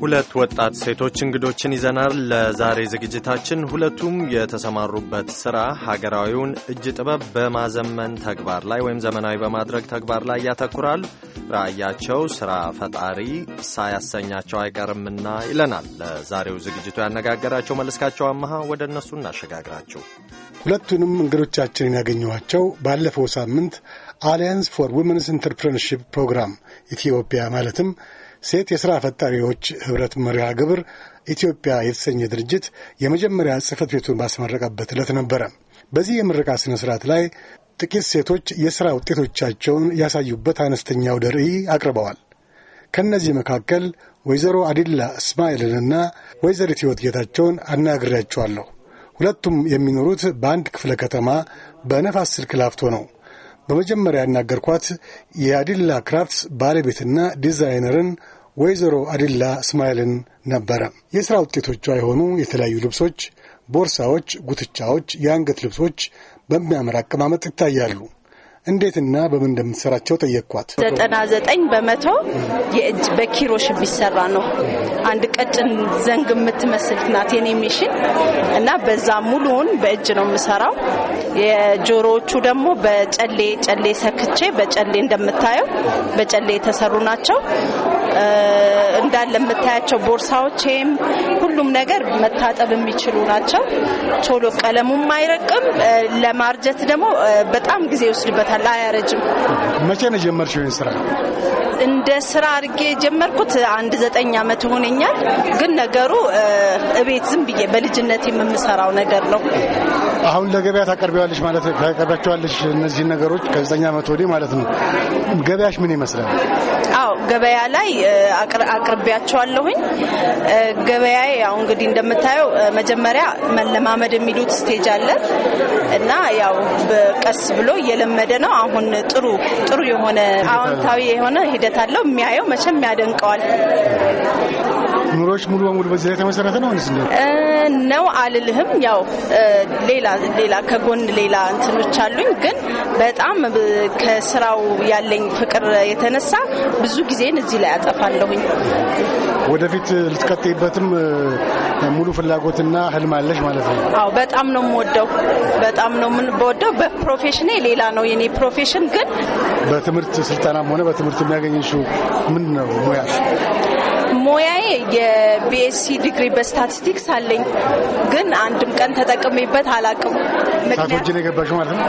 ሁለት ወጣት ሴቶች እንግዶችን ይዘናል ለዛሬ ዝግጅታችን። ሁለቱም የተሰማሩበት ስራ ሀገራዊውን እጅ ጥበብ በማዘመን ተግባር ላይ ወይም ዘመናዊ በማድረግ ተግባር ላይ ያተኩራል። ራዕያቸው ስራ ፈጣሪ ሳያሰኛቸው አይቀርምና ይለናል ለዛሬው ዝግጅቱ ያነጋገራቸው መለስካቸው አመሃ። ወደ እነሱ እናሸጋግራችሁ። ሁለቱንም እንግዶቻችንን ያገኘኋቸው ባለፈው ሳምንት አሊያንስ ፎር ዊመንስ ኢንተርፕረነርሺፕ ፕሮግራም ኢትዮጵያ ማለትም ሴት የሥራ ፈጣሪዎች ኅብረት መርሃ ግብር ኢትዮጵያ የተሰኘ ድርጅት የመጀመሪያ ጽህፈት ቤቱን ባስመረቀበት ዕለት ነበረ። በዚህ የምረቃ ሥነ ሥርዓት ላይ ጥቂት ሴቶች የሥራ ውጤቶቻቸውን ያሳዩበት አነስተኛ አውደ ርዕይ አቅርበዋል። ከእነዚህ መካከል ወይዘሮ አዲላ እስማኤልንና ወይዘሪት ሕይወት ጌታቸውን አናግሬያቸዋለሁ። ሁለቱም የሚኖሩት በአንድ ክፍለ ከተማ በነፋስ ስልክ ላፍቶ ነው። በመጀመሪያ ያናገርኳት የአዲላ ክራፍትስ ባለቤትና ዲዛይነርን ወይዘሮ አዲላ እስማኤልን ነበረ። የሥራ ውጤቶቿ የሆኑ የተለያዩ ልብሶች፣ ቦርሳዎች፣ ጉትቻዎች፣ የአንገት ልብሶች በሚያምር አቀማመጥ ይታያሉ። እንዴትና በምን እንደምትሰራቸው ጠየቅኳት። ዘጠና ዘጠኝ በመቶ የእጅ በኪሮሽ የሚሰራ ነው። አንድ ቀጭን ዘንግ የምትመስል ናት የኔ ሚሽን እና በዛ ሙሉውን በእጅ ነው የምሰራው። የጆሮዎቹ ደግሞ በጨሌ ጨሌ ሰክቼ በጨሌ እንደምታየው በጨሌ የተሰሩ ናቸው። Uh, እንዳለ የምታያቸው ቦርሳዎችም ሁሉም ነገር መታጠብ የሚችሉ ናቸው። ቶሎ ቀለሙም አይረቅም። ለማርጀት ደግሞ በጣም ጊዜ ይወስድበታል፣ አያረጅም። መቼ ነው የጀመርሽው ይህን ስራ? እንደ ስራ አድርጌ የጀመርኩት አንድ ዘጠኝ አመት ሆነኛል። ግን ነገሩ እቤት ዝም ብዬ በልጅነት የምሰራው ነገር ነው። አሁን ለገበያ ታቀርቢዋለሽ ማለት ታቀርቢያቸዋለሽ እነዚህ ነገሮች ከዘጠኝ አመት ወዲህ ማለት ነው። ገበያሽ ምን ይመስላል? አዎ ገበያ ላይ አቅርቤ አቅርቤያቸዋለሁኝ። ገበያ ያው እንግዲህ እንደምታየው መጀመሪያ መለማመድ የሚሉት ስቴጅ አለ እና ያው ቀስ ብሎ እየለመደ ነው። አሁን ጥሩ ጥሩ የሆነ አዎንታዊ የሆነ ሂደት አለው። የሚያየው መቼም ያደንቀዋል። ኑሮች ሙሉ በሙሉ በዚህ ላይ የተመሰረተ ነው እንደው ነው አልልህም። ያው ሌላ ሌላ ከጎን ሌላ እንትኖች አሉኝ፣ ግን በጣም ከስራው ያለኝ ፍቅር የተነሳ ብዙ ጊዜን እዚህ ላይ አጠፋለሁኝ። ወደፊት ልትቀጥይበትም ሙሉ ፍላጎትና ህልም አለሽ ማለት ነው? አዎ፣ በጣም ነው የምወደው፣ በጣም ነው የምወደው። በፕሮፌሽኔ ሌላ ነው የኔ ፕሮፌሽን። ግን በትምህርት ስልጠናም ሆነ በትምህርት የሚያገኘሽው ምንድን ነው ሙያሽ? ሙያዬ የቢኤስሲ ዲግሪ በስታቲስቲክስ አለኝ፣ ግን አንድም ቀን ተጠቅሜበት አላቅም።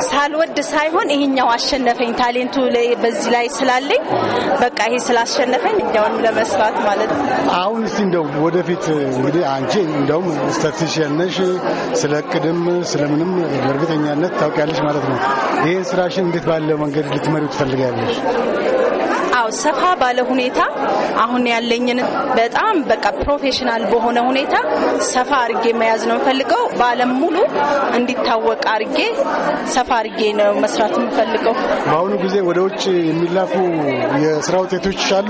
ሳልወድ ሳይሆን ይሄኛው አሸነፈኝ። ታሌንቱ በዚህ ላይ ስላለኝ በቃ ይሄ ስላሸነፈኝ እኛውንም ለመስራት ማለት ነው። አሁን እስቲ እንደው ወደፊት እንግዲህ አንቺ እንደውም ስታቲስቲሽን ነሽ፣ ስለ ቅድም ስለምንም በእርግጠኛነት ታውቂያለሽ ማለት ነው። ይህን ስራሽን እንዴት ባለው መንገድ ልትመሪው ትፈልጋለሽ? አዎ ሰፋ ባለ ሁኔታ አሁን ያለኝን በጣም በቃ ፕሮፌሽናል በሆነ ሁኔታ ሰፋ አርጌ መያዝ ነው የምፈልገው። በዓለም ሙሉ እንዲታወቅ አርጌ ሰፋ አርጌ ነው መስራት የምፈልገው። በአሁኑ ጊዜ ወደ ውጭ የሚላኩ የስራ ውጤቶች አሉ።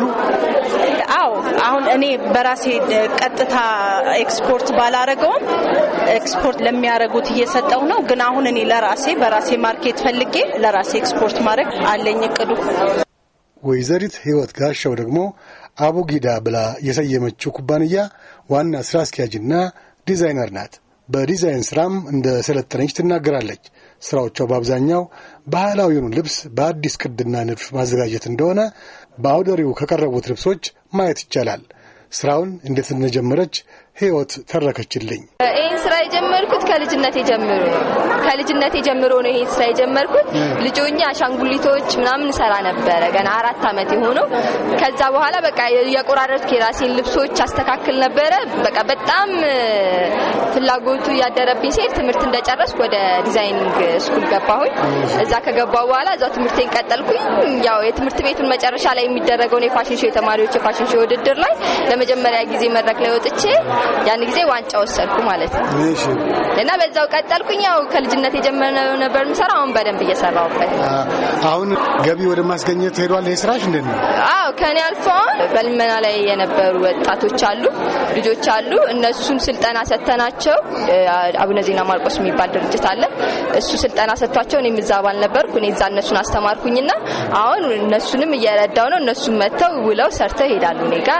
አዎ አሁን እኔ በራሴ ቀጥታ ኤክስፖርት ባላረገውም ኤክስፖርት ለሚያረጉት እየሰጠው ነው። ግን አሁን እኔ ለራሴ በራሴ ማርኬት ፈልጌ ለራሴ ኤክስፖርት ማድረግ አለኝ እቅዱ። ወይዘሪት ህይወት ጋሻው ደግሞ አቡጊዳ ብላ የሰየመችው ኩባንያ ዋና ስራ አስኪያጅና ዲዛይነር ናት። በዲዛይን ስራም እንደ ሰለጠነች ትናገራለች። ስራዎቿ በአብዛኛው ባህላዊውን ልብስ በአዲስ ቅድና ንድፍ ማዘጋጀት እንደሆነ በአውደሪው ከቀረቡት ልብሶች ማየት ይቻላል። ስራውን እንዴት እንደጀመረች ህይወት ተረከችልኝ። ይህን ስራ የጀመርኩት ከልጅነቴ ጀምሮ ነው። ከልጅነቴ ጀምሮ ነው ይህን ስራ የጀመርኩት። ልጆኛ አሻንጉሊቶች ምናምን ሰራ ነበረ ገና አራት ዓመት የሆነው። ከዛ በኋላ በቃ የቆራረጥኩ የራሴን ልብሶች አስተካክል ነበረ። በቃ በጣም ፍላጎቱ ያደረብኝ ሴት ትምህርት እንደጨረስኩ ወደ ዲዛይኒንግ ስኩል ገባሁኝ። እዛ ከገባሁ በኋላ እዛው ትምህርቴን ቀጠልኩኝ። ያው የትምህርት ቤቱን መጨረሻ ላይ የሚደረገውን የፋሽን ሾው የተማሪዎች የፋሽን ሾው ውድድር ላይ ለመጀመሪያ ጊዜ መድረክ ላይ ወጥቼ ያን ጊዜ ዋንጫ ወሰድኩ ማለት ነው። እና በዛው ቀጠልኩኝ። ያው ከልጅነት የጀመረው ነበር የምሰራው። አሁን በደንብ እየሰራሁበት አሁን ገቢ ወደ ማስገኘት ሄዷል። ይሄ ስራሽ እንዴት ነው? አዎ ከኔ አልፎ በልመና ላይ የነበሩ ወጣቶች አሉ፣ ልጆች አሉ። እነሱን ስልጠና ሰተናቸው አቡነ ዜና ማርቆስ የሚባል ድርጅት አለ። እሱ ስልጠና ሰጥቷቸው እኔም እዛ አባል ነበርኩ። እኔ እዛ እነሱን አስተማርኩኝና አሁን እነሱንም እየረዳው ነው። እነሱም መጥተው ውለው ሰርተው ይሄዳሉ። እኔ ጋ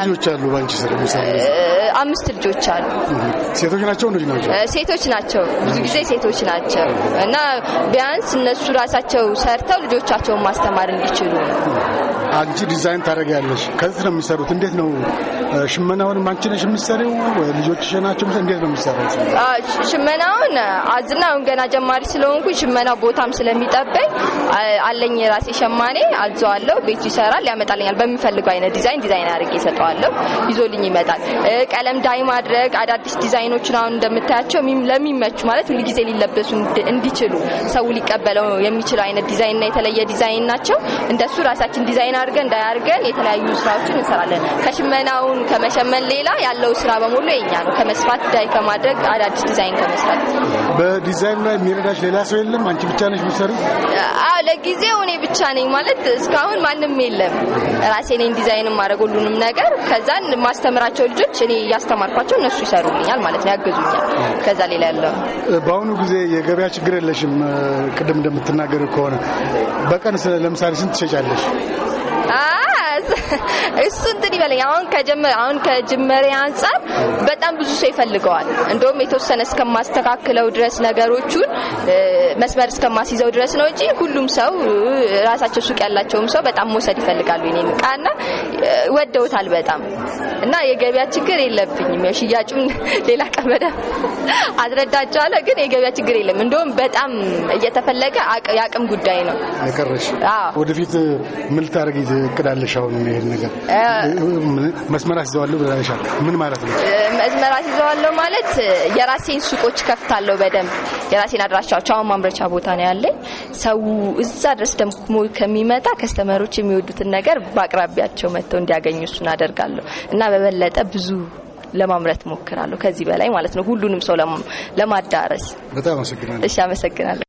ልጆች አሉ። ባንቺ ስራ አምስት ልጆች አሉ። ሴቶች ናቸው ወንዶች ናቸው? ሴቶች ናቸው። ብዙ ጊዜ ሴቶች ናቸው እና ቢያንስ እነሱ ራሳቸው ሰርተው ልጆቻቸውን ማስተማር እንዲችሉ አንቺ ዲዛይን ታደርጊያለሽ፣ ከዚህ ነው የሚሰሩት። እንዴት ነው ሽመናውን አንቺ ነሽ የምትሰሪው? ልጆችሽ ናቸው? እንዴት ነው የሚሰሩት? ሽመናውን አዝና አሁን ገና ጀማሪ ስለሆንኩ ሽመናው ቦታም ስለሚጠበኝ አለኝ የራሴ ሸማኔ አዘዋለሁ። ቤቱ ይሰራል፣ ያመጣልኛል። በሚፈልገው አይነት ዲዛይን ዲዛይን አድርጌ እሰጠዋለሁ፣ ይዞልኝ ይመጣል። ቀለም ዳይ ማድረግ አዳዲስ ዲዛይኖችን አሁን እንደምታያቸው ለሚመቹ ማለት ሁልጊዜ ሊለበሱ እንዲችሉ ሰው ሊቀበለው የሚችለው አይነት ዲዛይንና የተለየ ዲዛይን ናቸው። እንደሱ ራሳችን ዲዛይን አድርገን እንዳያርገን የተለያዩ ስራዎችን እንሰራለን። ከሽመናውን ከመሸመን ሌላ ያለው ስራ በሙሉ የኛ ነው። ከመስፋት ዳይ ከማድረግ አዳዲስ ዲዛይን ከመስራት በዲዛይኑ ላይ የሚረዳሽ ሌላ ሰው የለም። አንቺ ብቻ ነሽ ምሰሪ? አዎ ለጊዜው እኔ ብቻ ነኝ ማለት እስካሁን ማንም የለም። ራሴ ነኝ ዲዛይን ማድረግ ሁሉንም ነገር ከዛን ማስተምራቸው ልጆች እኔ እያስተማርኳቸው እነሱ ይሰሩልኛል ማለት ነው፣ ያገዙኛል። ከዛ ሌላ ያለው በአሁኑ ጊዜ የገበያ ችግር የለሽም። ቅድም እንደምትናገር ከሆነ በቀን ለምሳሌ ስንት ትሸጫለሽ? እሱ እንትን ይበለኝ አሁን አሁን ከጅመሬ አንጻር በጣም ብዙ ሰው ይፈልገዋል። እንደውም የተወሰነ እስከማስተካክለው ድረስ ነገሮቹን መስመር እስከማስይዘው ድረስ ነው እንጂ ሁሉም ሰው ራሳቸው ሱቅ ያላቸውም ሰው በጣም መውሰድ ይፈልጋሉ። እኔ ቃና ወደውታል በጣም እና የገበያ ችግር የለብኝም። ያው ሽያጩን ሌላ ቀመደ አስረዳቸዋለሁ፣ ግን የገበያ ችግር የለም። እንደውም በጣም እየተፈለገ የአቅም ጉዳይ ነው። አይቀርሽ ወደፊት ምን ልታደርጊ እቅዳለሽ? አሁን ይሄን ነገር መስመራት አስይዘዋለሁ ብላለሻል። ምን ማለት ነው መስመራት አስይዘዋለሁ ማለት? የራሴን ሱቆች ከፍታለሁ በደንብ የራሴን አድራሻዎች። አሁን ማምረቻ ቦታ ነው ያለኝ ሰው እዛ ድረስ ደግሞ ከሚመጣ ከስተመሮች የሚወዱትን ነገር በአቅራቢያቸው መጥተው እንዲያገኙ እሱን አደርጋለሁ እና በበለጠ ብዙ ለማምረት ሞክራለሁ። ከዚህ በላይ ማለት ነው ሁሉንም ሰው ለማዳረስ። በጣም አመሰግናለሁ። እሺ፣ አመሰግናለሁ።